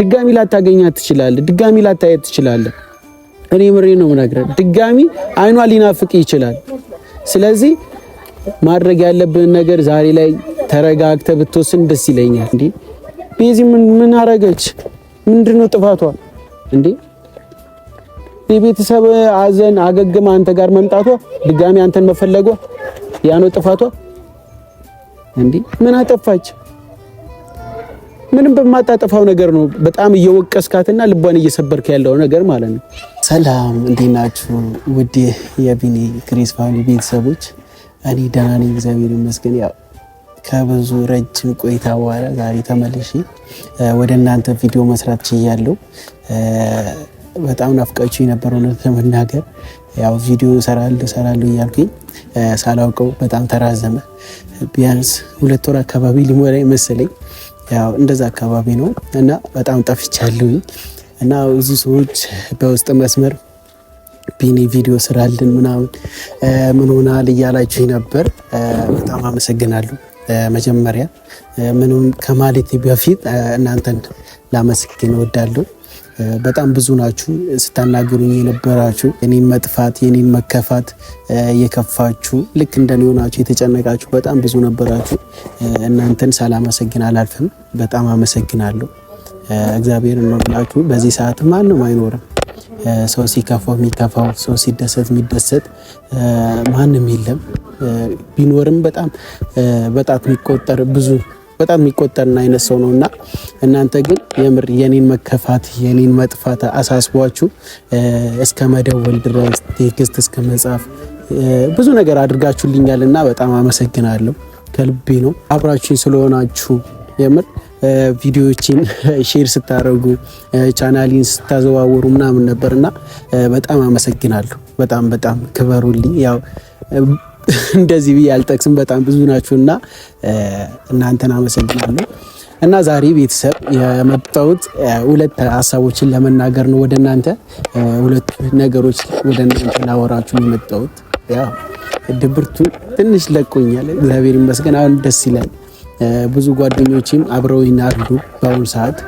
ድጋሚ ላታገኛት ትችላለህ። ድጋሚ ላታየት ትችላለህ። እኔ ምሬ ነው ምናገር ድጋሚ አይኗ ሊናፍቅ ይችላል። ስለዚህ ማድረግ ያለብን ነገር ዛሬ ላይ ተረጋግተ ብትወስን ደስ ይለኛል። እንዴ ቤዚ ምን አረገች? ምንድነው ጥፋቷ? እንዴ የቤተሰብ አዘን አገግማ አንተ ጋር መምጣቷ ድጋሚ አንተን መፈለጓ ያ ነው ጥፋቷ? እንዴ ምን አጠፋች? ምንም በማጣጠፋው ነገር ነው በጣም እየወቀስካትና ልቧን እየሰበርክ ያለው ነገር ማለት ነው። ሰላም እንዴት ናችሁ? ውድ የቢኒ ግሬስ ፋሚሊ ቤተሰቦች፣ እኔ ደህና ነኝ እግዚአብሔር ይመስገን። ያው ከብዙ ረጅም ቆይታ በኋላ ዛሬ ተመልሼ ወደ እናንተ ቪዲዮ መስራት ችያለሁ። በጣም ናፍቃችሁ የነበረው እውነት ለመናገር ያው ቪዲዮ እሰራለሁ ሰራሉ እያልኩኝ ሳላውቀው በጣም ተራዘመ። ቢያንስ ሁለት ወር አካባቢ ሊሞላ መሰለኝ ያው እንደዛ አካባቢ ነው እና በጣም ጠፍቻለሁኝ እና ብዙ ሰዎች በውስጥ መስመር ቢኒ ቪዲዮ ስራልን ምናምን ምን ሆናል እያላችሁ ነበር። በጣም አመሰግናለሁ። መጀመሪያ ምንም ከማለቴ በፊት እናንተን ላመስግን እወዳለሁ። በጣም ብዙ ናችሁ ስታናገሩኝ የነበራችሁ የኔን መጥፋት የኔን መከፋት የከፋችሁ ልክ እንደኔ ሆናችሁ የተጨነቃችሁ በጣም ብዙ ነበራችሁ። እናንተን ሳላመሰግን አላልፍም። በጣም አመሰግናለሁ። እግዚአብሔር ነው በዚህ ሰዓት ማንም አይኖርም። ሰው ሲከፋው የሚከፋው፣ ሰው ሲደሰት የሚደሰት ማንም የለም። ቢኖርም በጣም በጣት የሚቆጠር ብዙ በጣም የሚቆጠርና አይነት ሰው ነው እና እናንተ ግን የምር የኔን መከፋት የኔን መጥፋት አሳስቧችሁ እስከ መደወል ድረስ ቴክስት እስከ መጻፍ ብዙ ነገር አድርጋችሁልኛል እና በጣም አመሰግናለሁ። ከልቤ ነው አብራችሁኝ ስለሆናችሁ የምር ቪዲዮዎችን ሼር ስታደረጉ ቻናሊን ስታዘዋወሩ ምናምን ነበር እና በጣም አመሰግናለሁ። በጣም በጣም ክበሩልኝ ያው እንደዚህ ብዬ አልጠቅስም። በጣም ብዙ ናችሁና እናንተን አመሰግናለሁ። እና ዛሬ ቤተሰብ የመጣሁት ሁለት ሀሳቦችን ለመናገር ነው። ወደ እናንተ ሁለቱ ነገሮች ወደ እናንተ ላወራችሁ የመጣሁት ያው ድብርቱ ትንሽ ለቆኛል፣ እግዚአብሔር ይመስገን። አሁን ደስ ይላል። ብዙ ጓደኞችም አብረው ይናሉ። በአሁኑ ሰዓት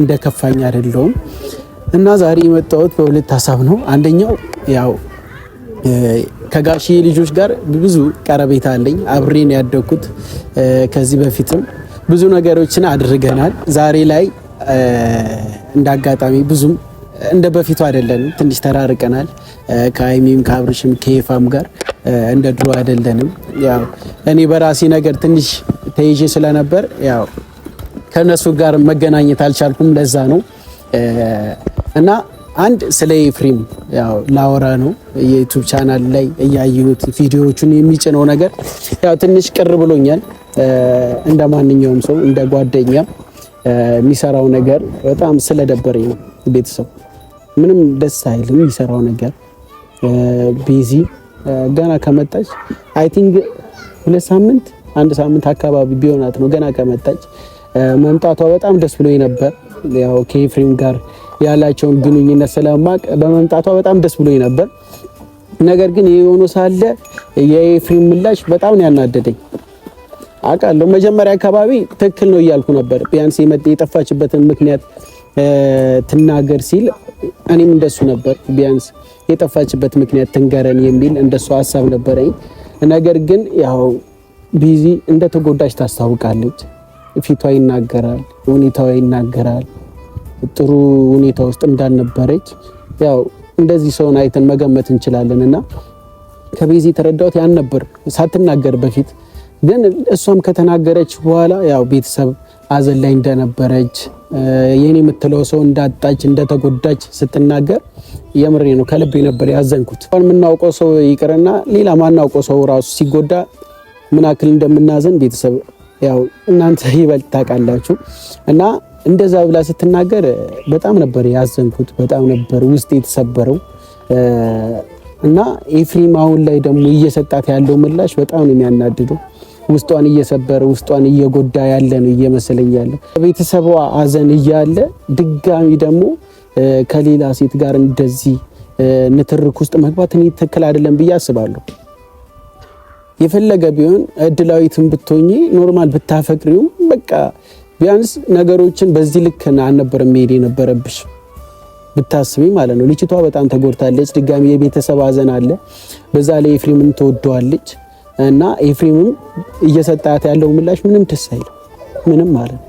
እንደ ከፋኝ አይደለውም። እና ዛሬ የመጣሁት በሁለት ሀሳብ ነው። አንደኛው ያው ከጋሺ ልጆች ጋር ብዙ ቀረቤታ አለኝ። አብሬን ያደግኩት ከዚህ በፊትም ብዙ ነገሮችን አድርገናል። ዛሬ ላይ እንዳጋጣሚ ብዙም እንደ በፊቱ አይደለንም። ትንሽ ተራርቀናል። ከአይሚም ከአብርሽም ከይፋም ጋር እንደ ድሮ አይደለንም። ያው እኔ በራሴ ነገር ትንሽ ተይዤ ስለነበር ያው ከነሱ ጋር መገናኘት አልቻልኩም። ለዛ ነው እና አንድ ስለ ኤፍሬም ያው ላወራ ነው። የዩቱብ ቻናል ላይ እያየሁት ቪዲዮዎቹን የሚጭነው ነገር ያው ትንሽ ቅር ብሎኛል። እንደ ማንኛውም ሰው እንደ ጓደኛ የሚሰራው ነገር በጣም ስለደበረኝ ነው። ቤተሰብ ምንም ደስ አይልም የሚሰራው ነገር። ቤዚ ገና ከመጣች አይ ቲንክ ሁለት ሳምንት አንድ ሳምንት አካባቢ ቢሆናት ነው ገና ከመጣች። መምጣቷ በጣም ደስ ብሎኝ ነበር ያው ከኤፍሬም ጋር ያላቸውን ግንኙነት ስለማቅ በመምጣቷ በጣም ደስ ብሎኝ ነበር። ነገር ግን ይህ ሳለ የኤፍሬም ምላሽ በጣም ነው ያናደደኝ። አውቃለሁ መጀመሪያ አካባቢ ትክክል ነው እያልኩ ነበር። ቢያንስ የጠፋችበትን ምክንያት ትናገር ሲል እኔም እንደሱ ነበር። ቢያንስ የጠፋችበት ምክንያት ትንገረን የሚል እንደሱ ሀሳብ ነበረኝ። ነገር ግን ያው ቢዚ እንደተጎዳች ታስታውቃለች። ፊቷ ይናገራል፣ ሁኔታዋ ይናገራል። ጥሩ ሁኔታ ውስጥ እንዳልነበረች ያው እንደዚህ ሰውን አይተን መገመት እንችላለን። እና ከቤዚ የተረዳሁት ያን ነበር። ሳትናገር በፊት ግን እሷም ከተናገረች በኋላ ያው ቤተሰብ አዘን ላይ እንደነበረች የኔ የምትለው ሰው እንዳጣች እንደተጎዳች ስትናገር የምሬ ነው፣ ከልቤ ነበር ያዘንኩት። የምናውቀው ሰው ይቅርና ሌላ ማናውቀው ሰው ራሱ ሲጎዳ ምን ያክል እንደምናዘን ቤተሰብ ያው እናንተ ይበልጥ ታውቃላችሁ እና እንደዛ ብላ ስትናገር በጣም ነበር ያዘንኩት፣ በጣም ነበር ውስጥ የተሰበረው እና ኤፍሬም አሁን ላይ ደግሞ እየሰጣት ያለው ምላሽ በጣም ነው የሚያናድደው። ውስጧን እየሰበረ ውስጧን እየጎዳ ያለ ነው እየመሰለኝ ያለ ቤተሰቧ አዘን እያለ ድጋሚ ደግሞ ከሌላ ሴት ጋር እንደዚህ ንትርክ ውስጥ መግባት እኔ ትክክል አይደለም ብዬ አስባለሁ። የፈለገ ቢሆን እድላዊትን ብትሆኚ ኖርማል ብታፈቅሪውም በቃ ቢያንስ ነገሮችን በዚህ ልክ አልነበረ መሄድ የነበረብሽ ብታስቢ ማለት ነው። ልጅቷ በጣም ተጎድታለች። ድጋሚ የቤተሰብ አዘን አለ። በዛ ላይ ኤፍሬምን ትወደዋለች እና ኤፍሬምም እየሰጣት ያለው ምላሽ ምንም ደስ አይልም። ምንም ማለት ነው።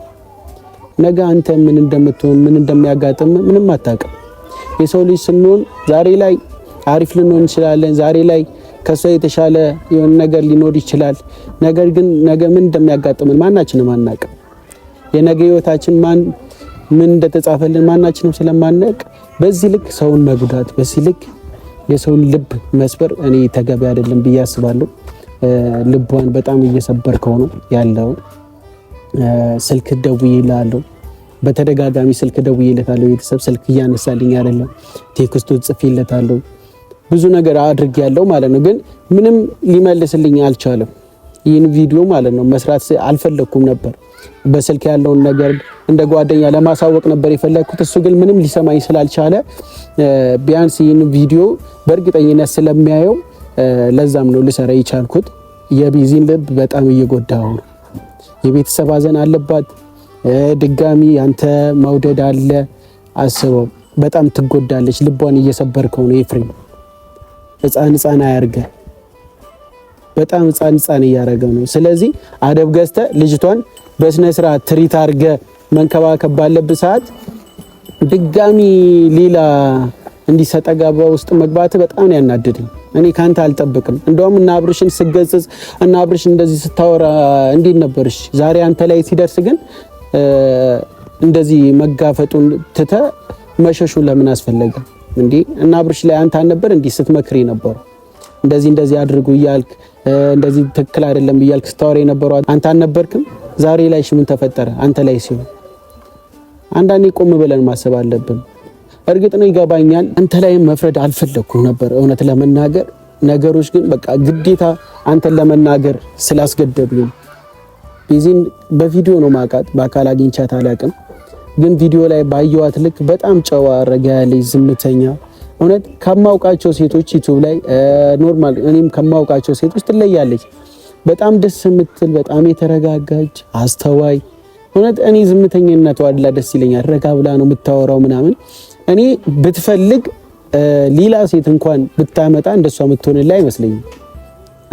ነገ አንተ ምን እንደምትሆን ምን እንደሚያጋጥም ምንም አታውቅም። የሰው ልጅ ስንሆን ዛሬ ላይ አሪፍ ልንሆን እንችላለን። ዛሬ ላይ ከሷ የተሻለ የሆነ ነገር ሊኖር ይችላል። ነገር ግን ነገ ምን እንደሚያጋጥምን ማናችንም አናውቅም። የነገ ህይወታችን ማን ምን እንደተጻፈልን ማናችንም ስለማናውቅ በዚህ ልክ ሰውን መጉዳት በዚህ ልክ የሰውን ልብ መስበር እኔ ተገቢ አይደለም ብዬ አስባለሁ። ልቧን በጣም እየሰበርከው ነው ያለው። ስልክ ደውዬ በተደጋጋሚ ስልክ ደውዬለታለሁ ቤተሰብ ስልክ እያነሳልኝ አይደለም፣ ቴክስቱ ጽፌለታለሁ፣ ብዙ ነገር አድርጌያለሁ ማለት ነው። ግን ምንም ሊመልስልኝ አልቻለም። ይህን ቪዲዮ ማለት ነው መስራት አልፈለግኩም ነበር በስልክ ያለውን ነገር እንደ ጓደኛ ለማሳወቅ ነበር የፈለግኩት። እሱ ግን ምንም ሊሰማኝ ስላልቻለ ቢያንስ ይህን ቪዲዮ በእርግጠኝነት ስለሚያየው ለዛም ነው ልሰራ የቻልኩት። የቢዚን ልብ በጣም እየጎዳው ነው። የቤተሰብ ሀዘን አለባት። ድጋሚ አንተ መውደድ አለ። አስበው፣ በጣም ትጎዳለች። ልቧን እየሰበርከው ነው ኤፍሬም። ህፃን ህፃን አያርገ በጣም ህፃን ህፃን እያደረገ ነው። ስለዚህ አደብ ገዝተ ልጅቷን በስነ ስርዓት ትሪት አድርገ መንከባከብ ባለብህ ሰዓት ድጋሚ ሌላ እንዲሰጠጋባ ውስጥ መግባት በጣም ነው ያናድድኝ። እኔ ካንተ አልጠብቅም። እንደውም እና አብርሽን ስገጽጽ እና አብርሽ እንደዚህ ስታወራ እንዴት ነበርሽ? ዛሬ አንተ ላይ ሲደርስ ግን እንደዚህ መጋፈጡን ትተ መሸሹ ለምን አስፈለገ? እንዲህ እና አብርሽ ላይ አንተ አልነበር እንዲህ ስትመክሪ ነበሩ እንደዚህ እንደዚህ አድርጉ እያልክ እንደዚህ ትክክል አይደለም እያልክ ስታወር የነበረው አንተ አልነበርክም? ዛሬ ላይ ምን ተፈጠረ አንተ ላይ ሲሆን አንዳንዴ ቆም ብለን ማሰብ አለብን። እርግጥ ነው ይገባኛል፣ አንተ ላይም መፍረድ አልፈለኩም ነበር እውነት ለመናገር ነገሮች ግን በቃ ግዴታ አንተን ለመናገር ስላስገደዱኝ ቤዚን በቪዲዮ ነው ማውቃት፣ በአካል አግኝቻት አላውቅም። ግን ቪዲዮ ላይ ባየዋት ልክ በጣም ጨዋ ረጋ ያለች ዝምተኛ እውነት ከማውቃቸው ሴቶች ዩቱብ ላይ ኖርማል እኔም ከማውቃቸው ሴቶች ትለያለች። በጣም ደስ የምትል በጣም የተረጋጋች አስተዋይ፣ እውነት እኔ ዝምተኝነቷ አድላ ደስ ይለኛል። ረጋ ብላ ነው የምታወራው ምናምን። እኔ ብትፈልግ ሌላ ሴት እንኳን ብታመጣ እንደሷ የምትሆንላ አይመስለኝም።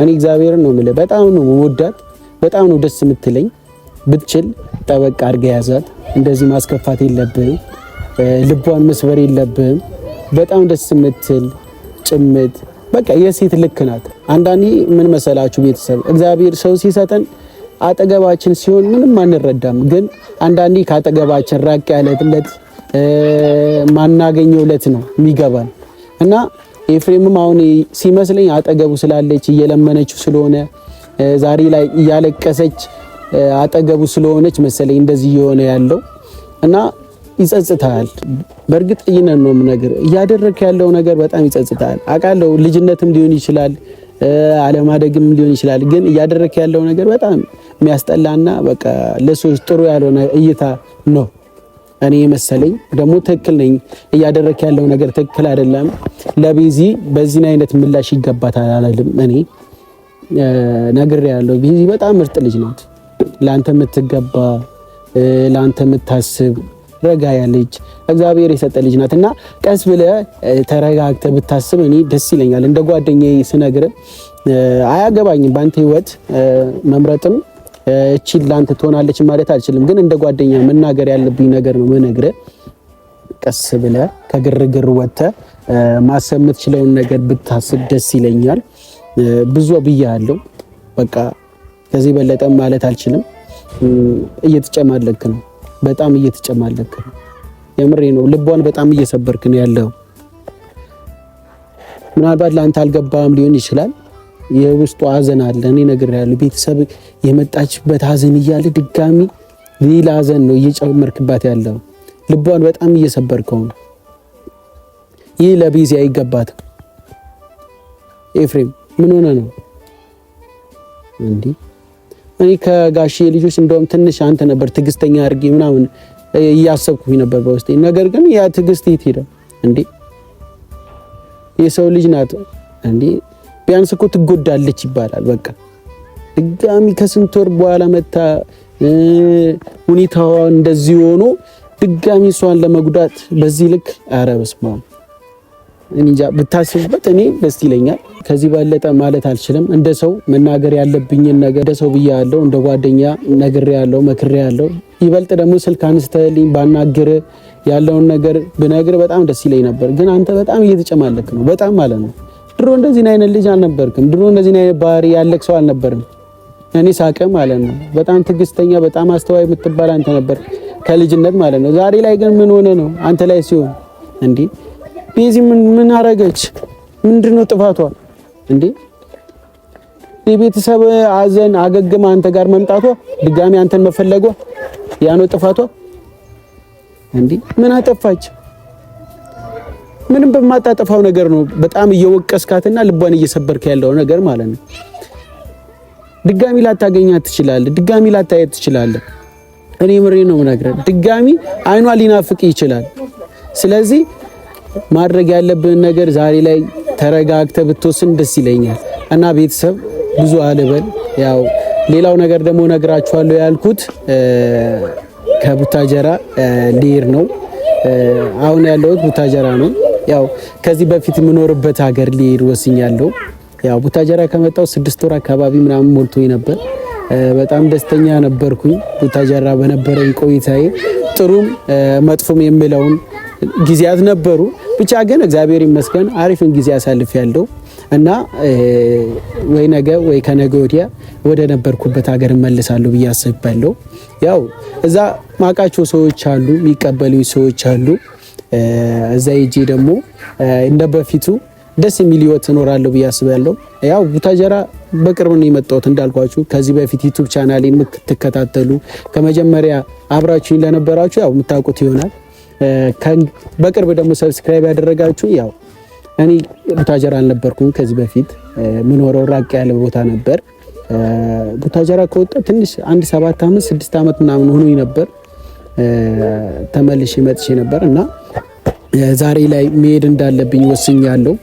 እኔ እግዚአብሔርን ነው የምልህ። በጣም ነው ወዳት፣ በጣም ነው ደስ የምትለኝ። ብትችል ጠበቅ አድርገህ ያዛት። እንደዚህ ማስከፋት የለብህም። ልቧን መስበር የለብህም። በጣም ደስ የምትል ጭምት በቃ የሴት ልክ ናት። አንዳንዴ ምን መሰላችሁ ቤተሰብ እግዚአብሔር ሰው ሲሰጠን አጠገባችን ሲሆን ምንም አንረዳም። ግን አንዳንዴ ከአጠገባችን ራቅ ያለለት ማናገኘው ለት ነው የሚገባን እና ኤፍሬምም አሁን ሲመስለኝ አጠገቡ ስላለች እየለመነችው ስለሆነ ዛሬ ላይ እያለቀሰች አጠገቡ ስለሆነች መሰለኝ እንደዚህ እየሆነ ያለው እና ይጸጽታል። በእርግጥ ይነን ነው ነገር እያደረክ ያለው ነገር በጣም ይጸጽታል። አውቃለሁ ልጅነትም ሊሆን ይችላል አለማደግም ሊሆን ይችላል። ግን እያደረክ ያለው ነገር በጣም የሚያስጠላና በቃ ለሰዎች ጥሩ ያልሆነ እይታ ነው እኔ መሰለኝ። ደግሞ ትክክል ነኝ፣ እያደረክ ያለው ነገር ትክክል አይደለም። ለቤዚ በዚህን አይነት ምላሽ ይገባታል አላልም እኔ ነግር ያለው ቤዚ በጣም ምርጥ ልጅ ናት። ለአንተ የምትገባ ለአንተ የምታስብ ረጋ ያለች እግዚአብሔር የሰጠ ልጅ ናት እና ቀስ ብለ ተረጋግተ ብታስብ እኔ ደስ ይለኛል። እንደ ጓደኛ ስነግር አያገባኝም በአንተ ህይወት መምረጥም እቺን ላንተ ትሆናለች ማለት አልችልም፣ ግን እንደ ጓደኛ መናገር ያለብኝ ነገር ነው የምነግርህ። ቀስ ብለ ከግርግር ወጥተ ማሰብ የምትችለውን ነገር ብታስብ ደስ ይለኛል። ብዙ ብያለሁ፣ በቃ ከዚህ በለጠም ማለት አልችልም። እየተጨማለክ ነው በጣም እየተጨማለክ የምሬ ነው። ልቧን በጣም እየሰበርክ ነው ያለው። ምናልባት ለአንተ አልገባም ሊሆን ይችላል። የውስጡ ሀዘን አለ። እኔ እነግርሃለሁ። ቤተሰብ የመጣችበት ሀዘን እያለ ድጋሚ ሌላ ሀዘን ነው እየጨመርክባት ያለው። ልቧን በጣም እየሰበርከው ነው። ይህ አይገባት አይገባትም። ኤፍሬም ምን ሆነ ነው እንዲህ እኔ ከጋሽ ልጆች እንደውም ትንሽ አንተ ነበር ትግስተኛ አድርጌ ምናምን እያሰብኩኝ ነበር በውስጤ። ነገር ግን ያ ትግስት የት ሄደ እንዴ? የሰው ልጅ ናት እንዴ? ቢያንስ እኮ ትጎዳለች ይባላል። በቃ ድጋሚ ከስንት ወር በኋላ መታ ሁኔታዋ እንደዚህ ሆኖ ድጋሚ እሷን ለመጉዳት በዚህ ልክ አረ በስመ እንጃ ብታስቡበት፣ እኔ ደስ ይለኛል። ከዚህ ባለጠ ማለት አልችልም። እንደ ሰው መናገር ያለብኝን ነገር እንደ ሰው ብዬ ያለው እንደ ጓደኛ ነግሬ ያለው መክሬ ያለው ይበልጥ ደግሞ ስልክ አንስተልኝ ባናግር ያለውን ነገር ብነግር በጣም ደስ ይለኝ ነበር። ግን አንተ በጣም እየተጨማለክ ነው፣ በጣም ማለት ነው። ድሮ እንደዚህ አይነት ልጅ አልነበርክም። ድሮ እንደዚህ አይነት ባህሪ ያለክ ሰው አልነበርም። እኔ ሳቀ ማለት ነው። በጣም ትግስተኛ በጣም አስተዋይ የምትባል አንተ ነበር ከልጅነት ማለት ነው። ዛሬ ላይ ግን ምን ሆነ ነው አንተ ላይ ሲሆን እንዲህ ቤዚ ምን አረገች? ምንድነው ጥፋቷ እንዴ? የቤተሰብ አዘን አገግማ አንተ ጋር መምጣቷ ድጋሚ አንተን መፈለጓ ያ ነው ጥፋቷ እንዴ? ምን አጠፋች? ምንም በማታጠፋው ነገር ነው በጣም እየወቀስካትና ልቧን እየሰበርክ ያለው ነገር ማለት ነው። ድጋሚ ላታገኛት ትችላለህ። ድጋሚ ላታየት ትችላለህ። እኔ ምሬ ነው ምናገር ድጋሚ አይኗ ሊናፍቅ ይችላል። ስለዚህ ማድረግ ያለብን ነገር ዛሬ ላይ ተረጋግተ ብትወስን ደስ ይለኛል እና ቤተሰብ ብዙ አልበል። ያው ሌላው ነገር ደግሞ ነግራችኋለሁ ያልኩት ከቡታጀራ ሊር ነው። አሁን ያለሁት ቡታጀራ ነው። ያው ከዚህ በፊት የምኖርበት ሀገር ሊር ወስኛለሁ። ያው ቡታጀራ ከመጣው ስድስት ወር አካባቢ ምናምን ሞልቶ ነበር። በጣም ደስተኛ ነበርኩኝ ቡታጀራ በነበረኝ ቆይታዬ ጥሩም መጥፎም የሚለውን ጊዜያት ነበሩ። ብቻ ግን እግዚአብሔር ይመስገን አሪፍን ጊዜ አሳልፍ ያለው እና ወይ ነገ ወይ ከነገ ወዲያ ወደ ነበርኩበት ሀገር እመልሳለሁ ብዬ አስባለሁ። ያው እዛ ማቃቸው ሰዎች አሉ፣ የሚቀበሉ ሰዎች አሉ። እዛ ሄጄ ደግሞ እንደ በፊቱ ደስ የሚል ህይወት እኖራለሁ ብዬ አስባለሁ። ያው ቡታጀራ በቅርብ ነው የመጣሁት እንዳልኳችሁ። ከዚህ በፊት ዩቱብ ቻናሌን የምትከታተሉ ከመጀመሪያ አብራችሁኝ ለነበራችሁ ያው የምታውቁት ይሆናል። በቅርብ ደግሞ ሰብስክራይብ ያደረጋችሁ ያው እኔ ቡታጀራ አልነበርኩም ከዚህ በፊት ምኖረው ራቅ ያለ ቦታ ነበር። ቡታጀራ ከወጣ ትንሽ አንድ ሰባት ዓመት ስድስት ዓመት ምናምን ሆኖኝ ነበር ተመልሼ መጥቼ ነበር እና ዛሬ ላይ መሄድ እንዳለብኝ ወስኛለሁ።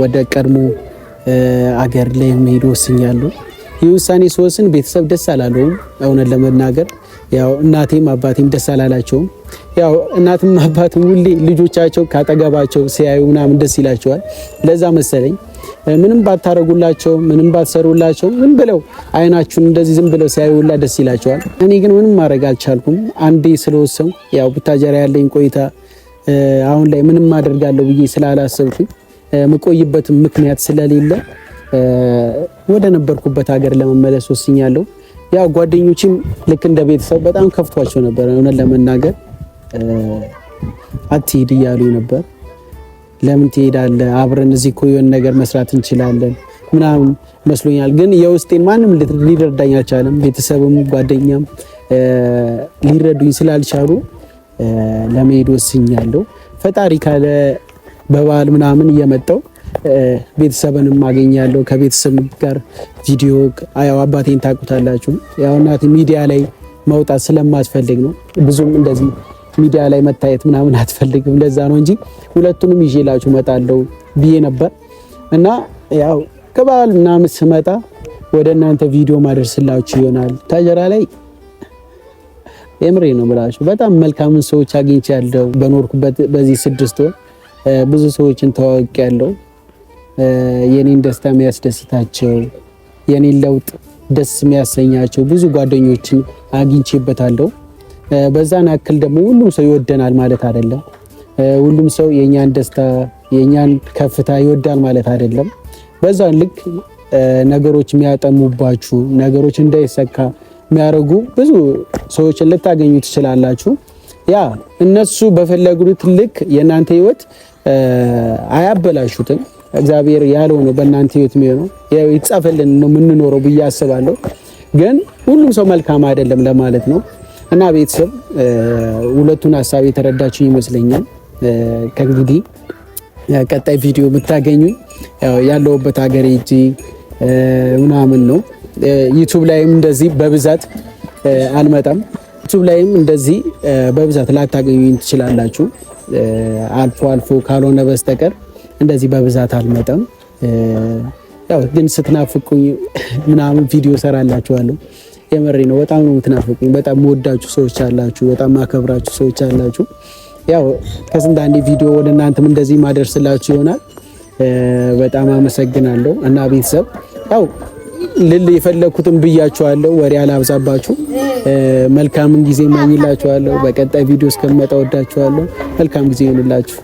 ወደ ቀድሞ አገር ላይ መሄድ ወስኛለሁ። ይህ ውሳኔ ቤተሰብ ደስ አላለውም። እውነት ለመናገር ያው እናቴም አባቴም ደስ አላላቸውም። ያው እናትም አባትም ሁሌ ልጆቻቸው ካጠገባቸው ሲያዩ ምናምን ደስ ይላቸዋል። ለዛ መሰለኝ ምንም ባታረጉላቸው ምንም ባትሰሩላቸው ዝም ብለው አይናችሁን እንደዚህ ዝም ብለው ሲያዩላ ደስ ይላቸዋል። እኔ ግን ምንም ማድረግ አልቻልኩም። አንዴ ስለወሰው ያው ብታጀራ ያለኝ ቆይታ አሁን ላይ ምንም አደርጋለሁ ብዬ ስላላሰብኩኝ የምቆይበትም ምክንያት ስለሌለ ወደ ነበርኩበት ሀገር ለመመለስ ወስኛለሁ። ያው ጓደኞችም ልክ እንደ ቤተሰብ በጣም ከፍቷቸው ነበር። እውነት ለመናገር አትሂድ እያሉ ነበር። ለምን ትሄዳለህ? አብረን እዚህ እኮ የሆነ ነገር መስራት እንችላለን ምናምን መስሎኛል። ግን የውስጤን ማንም ሊረዳኝ አልቻለም። ቤተሰብም ጓደኛም ሊረዱኝ ስላልቻሉ ለመሄድ ወስኛለሁ። ፈጣሪ ካለ በበዓል ምናምን እየመጣው ቤተሰብንም ማገኛለሁ። ከቤተሰብ ጋር ቪዲዮ ያው አባቴን ታውቁታላችሁ። ያው እናቴ ሚዲያ ላይ መውጣት ስለማትፈልግ ነው ብዙም እንደዚህ ሚዲያ ላይ መታየት ምናምን አትፈልግም። ለዛ ነው እንጂ ሁለቱንም ይዤላችሁ እመጣለሁ ብዬ ነበር እና ያው ከበዓል ምናምን ስመጣ ወደ እናንተ ቪዲዮ ማደርስላችሁ ይሆናል። ታጀራ ላይ የምሬ ነው ብላችሁ በጣም መልካምን ሰዎች አግኝቻለሁ። በኖርኩበት በዚህ ስድስት ወር ብዙ ሰዎችን ያለው የኔን ደስታ የሚያስደስታቸው የኔን ለውጥ ደስ የሚያሰኛቸው ብዙ ጓደኞችን አግኝቼበታለሁ። በዛን አክል ደግሞ ሁሉም ሰው ይወደናል ማለት አይደለም። ሁሉም ሰው የእኛን ደስታ የእኛን ከፍታ ይወዳል ማለት አይደለም። በዛን ልክ ነገሮች የሚያጠሙባችሁ ነገሮች እንዳይሰካ የሚያደርጉ ብዙ ሰዎችን ልታገኙ ትችላላችሁ። ያ እነሱ በፈለጉት ልክ የእናንተ ህይወት አያበላሹትም። እግዚአብሔር ያለው ነው በእናንተ ህይወት የሚሆነው ይጻፈልን ነው የምንኖረው ብዬ አስባለሁ። ግን ሁሉም ሰው መልካም አይደለም ለማለት ነው እና ቤተሰብ ሁለቱን ሀሳብ የተረዳችሁ ይመስለኛል። ከእንግዲህ ቀጣይ ቪዲዮ የምታገኙ ያለውበት ሀገር እጂ ምናምን ነው። ዩቱብ ላይም እንደዚህ በብዛት አልመጣም። ዩቱብ ላይም እንደዚህ በብዛት ላታገኙኝ ትችላላችሁ አልፎ አልፎ ካልሆነ በስተቀር እንደዚህ በብዛት አልመጣም። ያው ግን ስትናፍቁኝ ምናምን ቪዲዮ ሰራላችኋለሁ። የመሬ ነው። በጣም ነው የምትናፍቁኝ። በጣም ወዳችሁ ሰዎች አላችሁ፣ በጣም ማከብራችሁ ሰዎች አላችሁ። ያው ከስንት አንዴ ቪዲዮ ወደ እናንተም እንደዚህ ማደርስላችሁ ይሆናል። በጣም አመሰግናለሁ እና ቤተሰብ ያው ልል የፈለግኩትን ብያችኋለሁ። ወሬ አላብዛባችሁ። መልካምን ጊዜ ማኝላችኋለሁ። በቀጣይ ቪዲዮ እስከምመጣ ወዳችኋለሁ። መልካም ጊዜ ይሆንላችሁ።